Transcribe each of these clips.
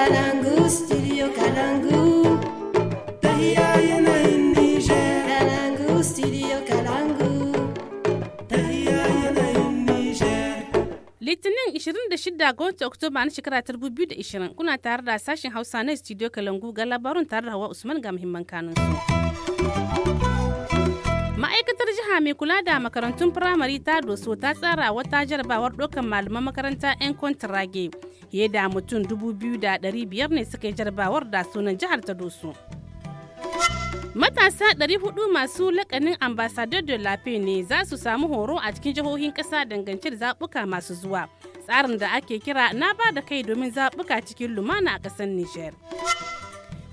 Kalangu, studio Kalangu. Tahiya yana yin Niger. Kalangu, studio Kalangu. Tahiya yana yin Niger. Litinin 26 ga watan Oktoba na shekara 2020 kuna tare da sashen Hausa na studio Kalangu ga labarun tare da Hawa Usman ga muhimman kanun. ma'aikatar jiha mai kula da makarantun firamare ta doso ta tsara wata jarabawar ɗaukar malaman makaranta 'yan rage. fiye da mutum biyar ne suka yi jarabawar da sunan jihar ta Matasa matasa 400 masu lakanin ambassador de la paix ne za su samu horo a cikin jihohin ƙasa dangance da zaɓuka masu zuwa tsarin da ake kira na ba da kai domin zaɓuka cikin lumana a ƙasar niger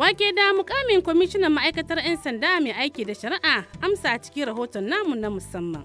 wake da mukamin kwamishinan ma'aikatar 'yan sanda mai aiki da shari'a amsa a cikin rahoton namu na musamman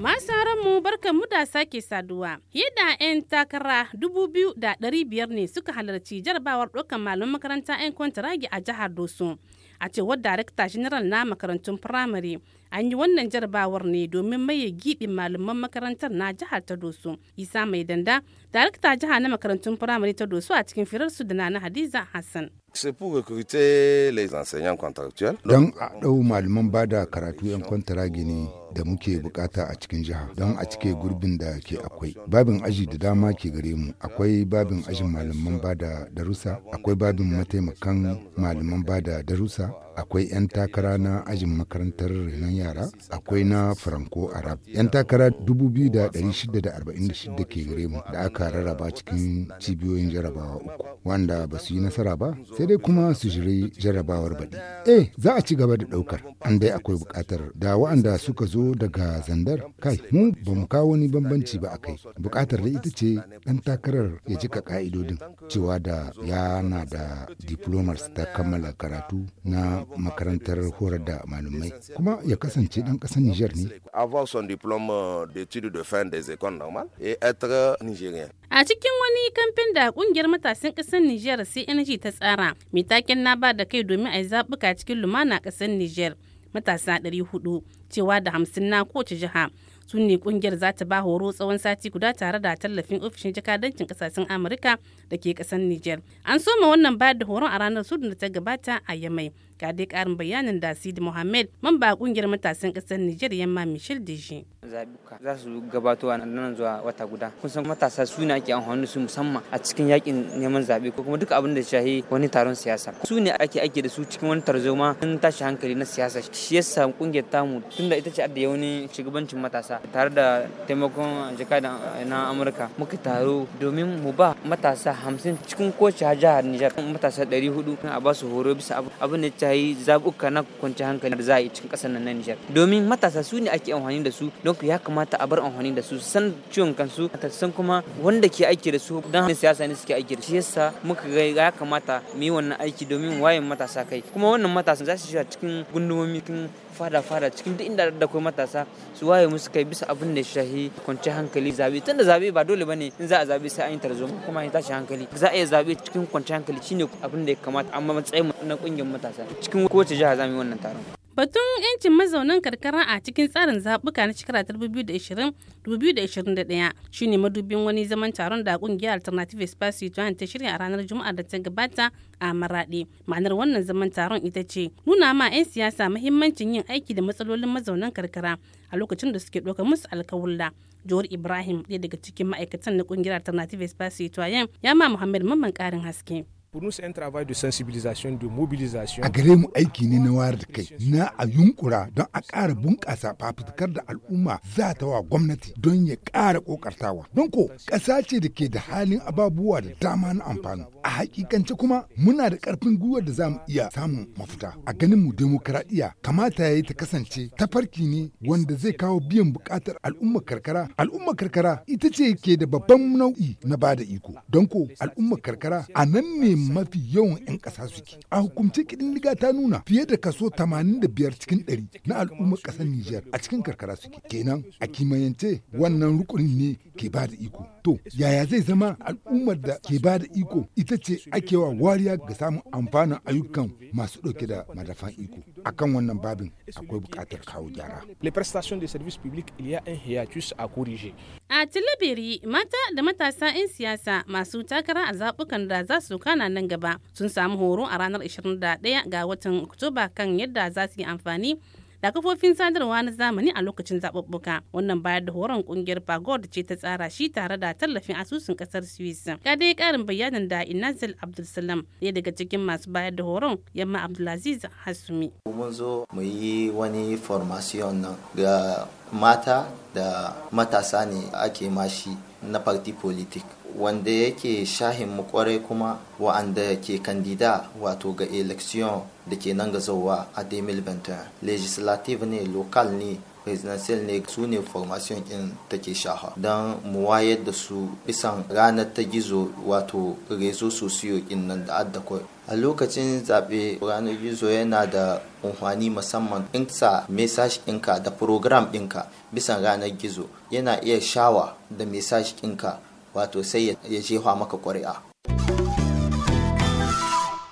masa mu barkan mu da sake saduwa. Yadda 'yan takara dubu da ɗari biyar ne suka halarci jarabawar ɗaukar malaman makaranta 'yan kwantaragi a jihar Doso. A cewar Darakta General na makarantun firamare, an yi wannan jarabawar ne domin maye giɗin malaman makarantar na jihar ta Doso. Isa Mai Danda, Darakta jiha na makarantun firamare ta Doso a cikin firarsu da Nana Hadiza Hassan. c'est pour recruter les enseignants contractuels. Don a ɗau malaman ba da karatu 'yan kwantaragi ne. da muke bukata a cikin jiha don a cike gurbin da ke akwai babin aji da dama ke gare mu akwai babin ajin malaman bada darusa akwai babin mataimakan malaman bada darusa akwai 'yan takara na ajin makarantar renon yara akwai na franco arab 'yan takara 2646 ke gare mu da aka rarraba cikin cibiyoyin jarabawa uku wanda ba su yi nasara ba sai dai kuma su shiri jarabawar baɗi eh za a ci gaba da ɗaukar an dai akwai buƙatar da waɗanda suka zo daga zandar kai mu ba mu kawo wani bambanci ba a kai buƙatar da ita ce ɗan takarar ya cika ƙa'idodin cewa da yana da diplomas ta kammala karatu na makarantar horar da malamai kuma ya kasance ɗan ƙasar Niger ne. Euh, a cikin wani kamfen da kungiyar matasan ƙasar Nijar CNG ta tsara, mai taken na ba da kai domin a yi zaɓuka cikin lumana ƙasar Nijar. matasa 400 cewa da hamsin na kowace jiha su ne kungiyar za ta ba horo tsawon sati guda tare da tallafin ofishin jakadancin kasashen amurka da ke kasar niger an soma wannan ba da horon a ranar sudu da ta gabata a yamai ga dai karin bayanin da sidi muhammed mamba kungiyar matasan kasar nijar yamma michel deji zabuka za su gabato a nan zuwa wata guda kun san matasa su ne ake amfani su musamman a cikin yakin neman zabe ko kuma duk abin da shahi wani taron siyasa su ne ake ake da su cikin wani tarzoma in tashi hankali na siyasa shi yasa kungiyar tamu tunda ita ce adda wani shugabancin matasa tare da taimakon jakadan na amurka muka taro domin mu ba matasa hamsin cikin kowace jihar nijar matasa 400 a ba su horo bisa abin da yi zabuka na kwanci hankali da za a yi cikin ƙasar nan Niger. domin matasa su ne ake amfani da su don ya kamata a bar amfani da su san ciwon kansu ta san kuma wanda ke aiki da su don hannun siyasa ne suke aiki da shi yasa muka ga ya kamata mu yi wannan aiki domin wayan matasa kai kuma wannan matasan za su shiga cikin gundumomi cikin fada-fada cikin duk inda da kuma matasa su waye musu kai bisa abin da shahi kwanci hankali zabe tunda zabe ba dole bane in za a zabe sai an yi tarzoma kuma an tashi hankali za a iya zabe cikin kwanci hankali shine abin da ya kamata amma matsayin na kungiyar matasa cikin kowace jiha zamu yi wannan taron Batun 'yancin mazaunan karkara a cikin tsarin zaɓuka na shekara 2020-2021 shine madubin wani zaman taron da kungiyar Alternative Espace joint ta shirya a ranar Juma'a da ta gabata a Maraɗe. Ma'anar wannan zaman taron ita ce nuna ma 'yan siyasa mahimmancin yin aiki da matsalolin mazaunan karkara a lokacin da suke ɗauka musu alkawulla. Jawar Ibrahim ɗaya daga cikin ma'aikatan na kungiyar Alternative Espace ya ma Muhammad Mamman ƙarin haske. A gare mu aiki ne na wayar da kai na a yunkura don a ƙara bunƙasa fafutukar da al'umma za ta wa gwamnati don ya ƙara ƙoƙartawa. Don ko ƙasa ce da ke da halin ababuwa da dama na amfani. A hakikance kuma muna da ƙarfin gwiwar da za mu iya samun mafita. A ganin mu demokaradiyya kamata ya yi ta kasance tafarki ne wanda zai kawo biyan buƙatar al'umma karkara. al'umma karkara ita ce ke da babban nau'i na bada iko. Don ko al'ummar karkara a nan ne mafi yawan 'yan ƙasa suke. A hukumce liga ta nuna fiye da kaso 85 cikin 100 na al'ummar ƙasar Nijar a cikin karkara suke. Kenan a kimayance wannan rukunin ne ke ba da iko. To yaya zai zama al'ummar da ke ba da iko ita ce ake wa wariya ga samun amfanin ayyukan masu ɗauke da madafan iko. Akan wannan babin akwai bukatar kawo gyara. Les prestations de services publics, il y a un hiatus à corriger. A Tilibiri, mata da matasa 'yan siyasa masu takara a zaɓukan da za su kana nan gaba sun samu horo a ranar 21 ga watan oktoba kan yadda za su yi amfani da kafofin sadarwa na zamani a lokacin zaɓuɓɓuka wannan bayar da horon ƙungiyar pagod ce ta tsara shi tare da tallafin asusun ƙasar swiss ga dai ƙarin bayanin da inazil abdulsalam ɗaya daga cikin masu bayar da horon yamma abdulaziz hasumi mun zo mu yi wani formation nan ga mata da matasa ne ake mashi na party politik wanda yake shahin mu kwarai kuma wa'anda ke kandida wato ga election da ke nan zauwa a 2021 legislative ne local ne presidential ne su ne formation in ta ke shaha don mu da su bisan ranar ta gizo wato rezo sosiyo in nan da adda a lokacin zaɓe ranar gizo yana da umfani musamman in sa message ɗinka da program ɗinka bisan ranar gizo yana iya shawa da message ɗinka wato sai ya jefa maka ƙuri'a.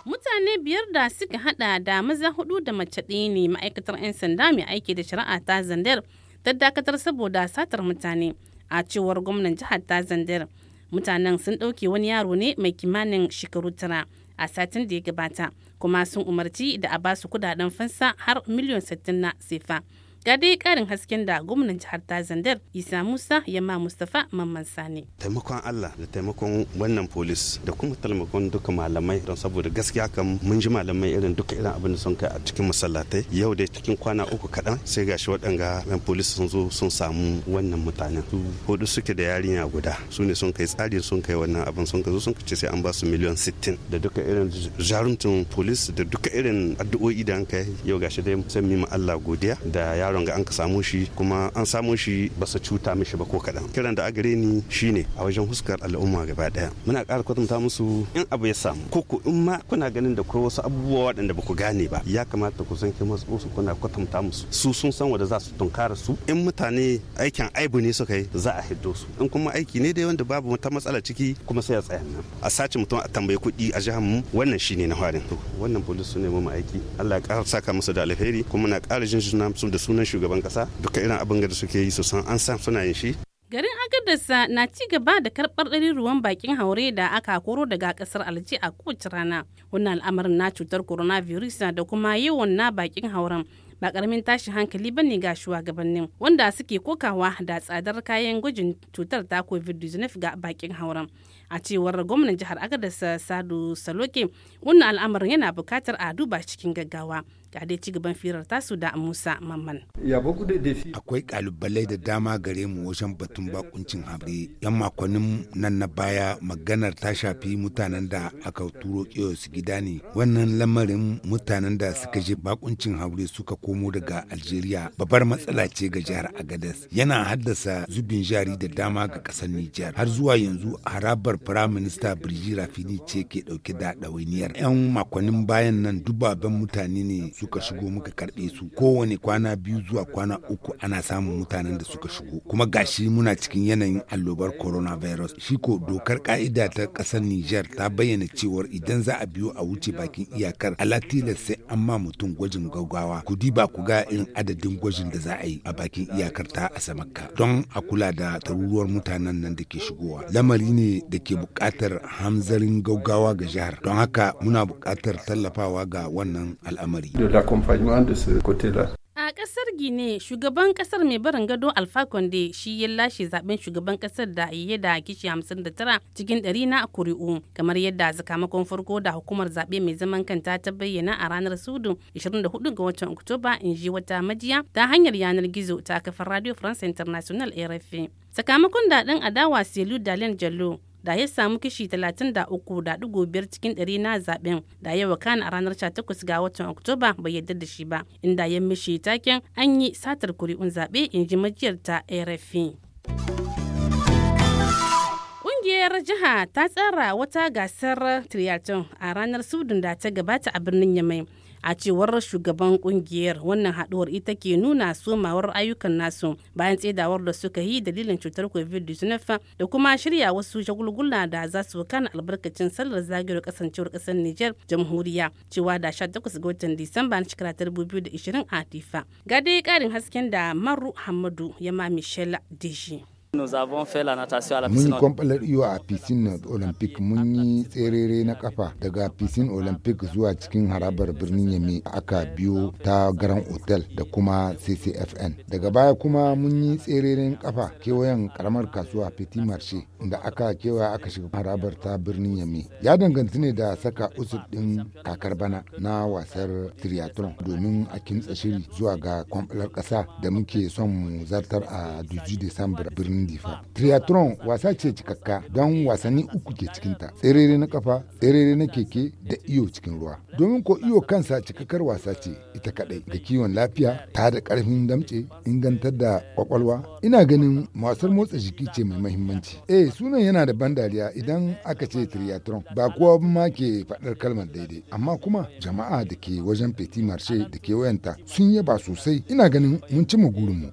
mutane biyar da suka hada da maza hudu da mace ɗaya ne ma'aikatar 'yan sanda mai aiki da shari'a ta zandar ta dakatar saboda satar mutane a cewar gwamnan jihar ta zandar mutanen sun ɗauke wani yaro ne mai kimanin shekaru tara a satin da ya gabata kuma sun umarci da a basu kudaden fansa har miliyan sittin na sefa ga dai karin hasken da gwamnan jihar Tazandar Isa Musa Yamma Mustafa Mamman Sani. Taimakon Allah da taimakon wannan polis da kuma taimakon duka malamai don saboda gaskiya kan mun ji malamai irin duka irin abin da sun kai a cikin masallatai yau dai cikin kwana uku kaɗan sai gashi waɗanga yan polis sun zo sun samu wannan mutanen su hudu suke da yarinya guda su ne sun kai tsari sun kai wannan abin sun zo sun kace sai an ba su miliyan 60 da duka irin jarumtun polis da duka irin addu'o'i da an kai yau gashi dai sai mu Allah godiya da yaro yaron ga an ka samu shi kuma an samu shi ba su cuta mishi ba ko kaɗan kiran da a gare ni shine a wajen huskar al'umma gaba daya muna ƙara kwatanta musu in abu ya samu ko ko in ma kuna ganin da ko wasu abubuwa waɗanda ba ku gane ba ya kamata ku san kima su kuna kwatanta musu su sun san wanda za su tunkara su in mutane aikin aibu ne suka yi za a hiddo su in kuma aiki ne dai wanda babu wata matsala ciki kuma sai a tsaya nan a sace mutum a tambayi kuɗi a jihar mu wannan shine na harin wannan polis su ne mu aiki Allah ya ƙara saka musu da alheri kuma na ƙara jin suna da sunan shugaban kasa duka irin abin da suke yi san an san suna yin shi garin agadarsa na ci gaba da karɓar ruwan bakin haure da aka koro daga kasar alji a kowace rana wannan al'amarin na cutar coronavirus da kuma yawan na bakin hauren ba karamin tashi hankali ba ne ga shugabannin wanda suke kokawa da tsadar kayan gwajin cutar ta covid-19 ga bakin hauren a cewar gwamnan jihar agadarsa sadu saloke wannan al'amarin yana bukatar a duba cikin gaggawa ga dai ci gaban firar tasu da Musa Mamman. Akwai kalubalai da dama gare mu wajen batun bakuncin haure Yan makonnin nan na baya maganar ta shafi mutanen da aka turo su gida ne. Wannan lamarin mutanen da suka je bakuncin haure suka komo daga Algeria babbar matsala ce ga jihar Agadez. Yana haddasa zubin jari da dama ga kasar Nijar. Har zuwa yanzu harabar Firaminista Birji Rafini ce ke dauke da ɗawainiyar. Yan makonnin bayan nan dubaben mutane ne su suka shigo muka karɓe su kowane kwana biyu zuwa kwana uku ana samun mutanen da suka shigo kuma gashi muna cikin yanayin allobar coronavirus shi ko dokar ka'ida ta ƙasar niger ta bayyana cewar idan za a biyo a wuce bakin iyakar alatila sai an ma mutum gwajin gaggawa ku diba ku ga irin adadin gwajin da za a yi a bakin iyakar ta a Asamakka don a kula da taruruwar mutanen nan da ke shigowa lamari ne da ke buƙatar hamzarin gaggawa ga jihar don haka muna buƙatar tallafawa ga wannan al'amari. de l'accompagnement de ce côté-là. A ƙasar Gine, shugaban ƙasar mai barin gado Alpha Conde shi ya lashe zaben shugaban ƙasar da ya da kishi 59 cikin ɗari na kuri'u, kamar yadda sakamakon farko da hukumar zaɓe mai zaman kanta ta bayyana a ranar Sudu 24 ga watan Oktoba in ji wata majiya ta hanyar yanar gizo ta kafar Radio France International RFA. Sakamakon da adawa Selu Dalen Jallo da ya samu kishi 33.5 cikin ɗari na zaben da ya wakana a ranar 18 ga watan Oktoba bai yarda da shi ba inda ya mishi taken an yi satar kuri'un zaɓe in ji majiyar ta RFI. Ƙungiyar jiha ta tsara wata gasar triathlon a ranar Sudun da ta gabata a birnin Yamai. a cewar shugaban kungiyar wannan haduwar ita ke nuna somawar ayyukan nasu bayan tsedawar da suka yi dalilin cutar covid-19 da kuma shirya wasu shagulgula da za su kana albarkacin sallar zagayar kasancewar kasar niger jamhuriya cewa da 18 ga watan disamba na shekara 2020 a tifa ga dai karin hasken da maru hamadu ya ma michelle deji Mun yi kwamfalar iyo a Piscine Olympic mun yi tserere na kafa daga pisin Olympic zuwa cikin harabar birnin Yame aka biyo ta garan hotel da kuma CCFN. Daga baya kuma mun yi tsereren kafa kewayen karamar kasuwa Petit Marché da aka kewaya aka shiga harabar ta birnin Yame. Ya danganci ne da saka usur din kakar bana na wasar triathlon domin a kintsa shiri zuwa ga kwamfalar kasa da muke son mu zartar a 2 Disambar birnin jifa triathlon wasa ce cikakka don wasanni uku ke cikinta tserere na kafa tserere na keke da iyo cikin ruwa domin ko iyo kansa cikakkar wasa ce ita kadai da kiwon lafiya ta da karfin damce ingantar da kwakwalwa ina ganin wasar motsa jiki ce mai mahimmanci eh sunan yana da ban dariya idan aka ce triathlon ba kowa ma ke faɗar kalmar daidai amma kuma jama'a da ke wajen petit marché da ke wayanta sun yaba sosai ina ganin mun ci mu gurinmu.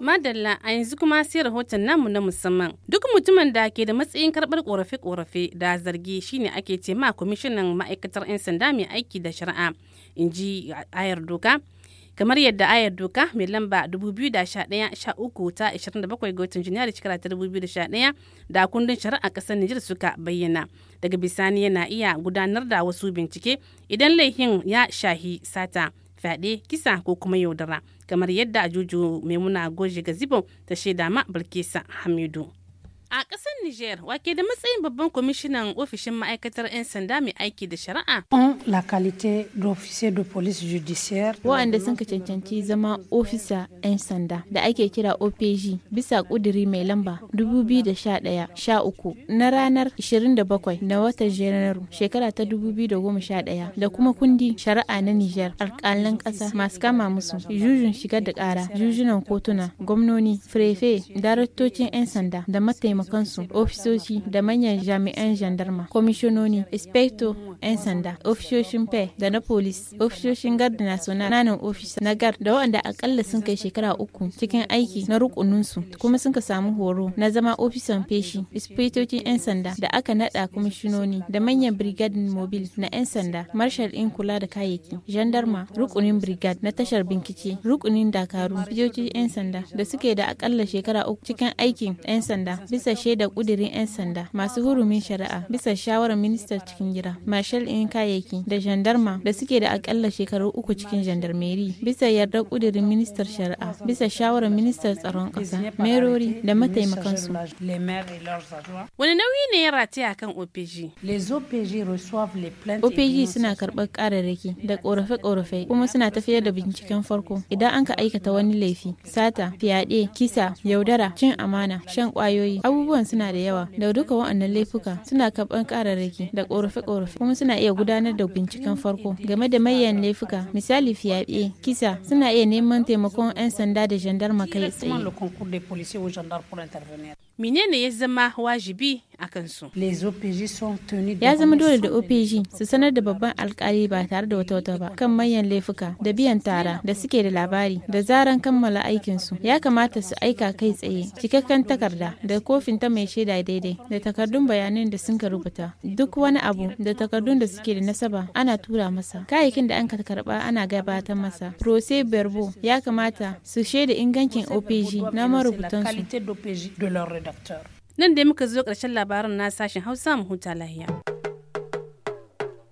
Madalla a yanzu kuma sai rahoton namu na musamman. Duk mutumin da ke da matsayin karɓar ƙorafe-ƙorafe da zargi shine ake ce ma kwamishinan ma'aikatar 'yan sanda mai aiki da shari'a, in ji ayar doka. Kamar yadda ayar doka mai lamba 2011-13 ta 27 ga watan Janairu shekara ta 2011 da kundin shari'a ƙasar Nijar suka bayyana. Daga bisani yana iya gudanar da wasu bincike idan laifin ya shahi sata. fyaɗe kisa ko kuma yaudara kamar yadda ajuju maimuna goje ga zibon ta shaida ma bilkisa hamidu A ƙasar Nijar, wake da matsayin babban kwamishinan ofishin ma'aikatar 'yan sanda mai aiki da shari'a. En la qualité d'officier de police judiciaire. Waɗanda sun ka cancanci zama ofisa 'yan sanda da ake kira OPG bisa ƙuduri mai lamba 2011-13 na ranar 27 na watan Janairu shekara ta 2011 da kuma kundi shari'a na Nijar alƙalan ƙasa masu kama musu jujun shigar da ƙara jujunan kotuna gwamnoni firefe daraktocin 'yan sanda da mataimaka kansu ofisoshi da manyan jami'an jandarma kwamishinoni inspector 'yan sanda ofishoshin pe da na polis ofishoshin garda suna nanin ofisa na gar da wanda akalla sun kai shekara uku cikin aiki na rukuninsu kuma sun ka samu horo na zama ofisan feshi ispitocin 'yan sanda da aka nada kwamishinoni da manyan brigadin mobil na 'yan sanda marshal in kula da kayayyaki gendarma rukunin brigade na tashar binkice rukunin dakaru fitocin 'yan sanda da suke da akalla shekara uku cikin aikin 'yan sanda bisa shaida kudirin 'yan sanda masu hurumin shari'a bisa shawarar ministan cikin gida marshal ɗin kayayyaki da jandarma da suke da akalla shekaru uku cikin jandarmeri bisa yardar kudirin ministar shari'a bisa shawarar ministar tsaron ƙasa merori da mataimakansu wani nauyi ne ya rataya kan opg opg suna karɓar ƙararraki da ƙorafe-ƙorafe kuma suna tafiyar da binciken farko idan an ka aikata wani laifi sata fyaɗe kisa yaudara cin amana shan ƙwayoyi abubuwan suna da yawa da duka wa'annan laifuka suna karɓar ƙararraki da ƙorafe-ƙorafe kuma suna iya gudanar da binciken farko game da mayan laifuka misali fiyaɓe kisa suna iya neman taimakon 'yan sanda da gendarma kai tsaye menene ya zama wajibi a kansu. Ya zama dole da OPG su sanar da babban alkali ba tare da wata wata ba kan manyan laifuka da biyan tara da suke da labari da zaran kammala aikinsu. Ya kamata su aika kai tsaye cikakken takarda da kofin ta mai shaida daidai da takardun bayanan da sun ka rubuta. Duk wani abu da takardun da suke da nasaba ana tura masa. Kayayyakin da an karɓa karba ana gabatar masa. Prose Berbo ya kamata su shaida ingancin OPG na marubutansu. Nan da muka zo ƙarshen labaran na sashen Hausa mu huta lahiya.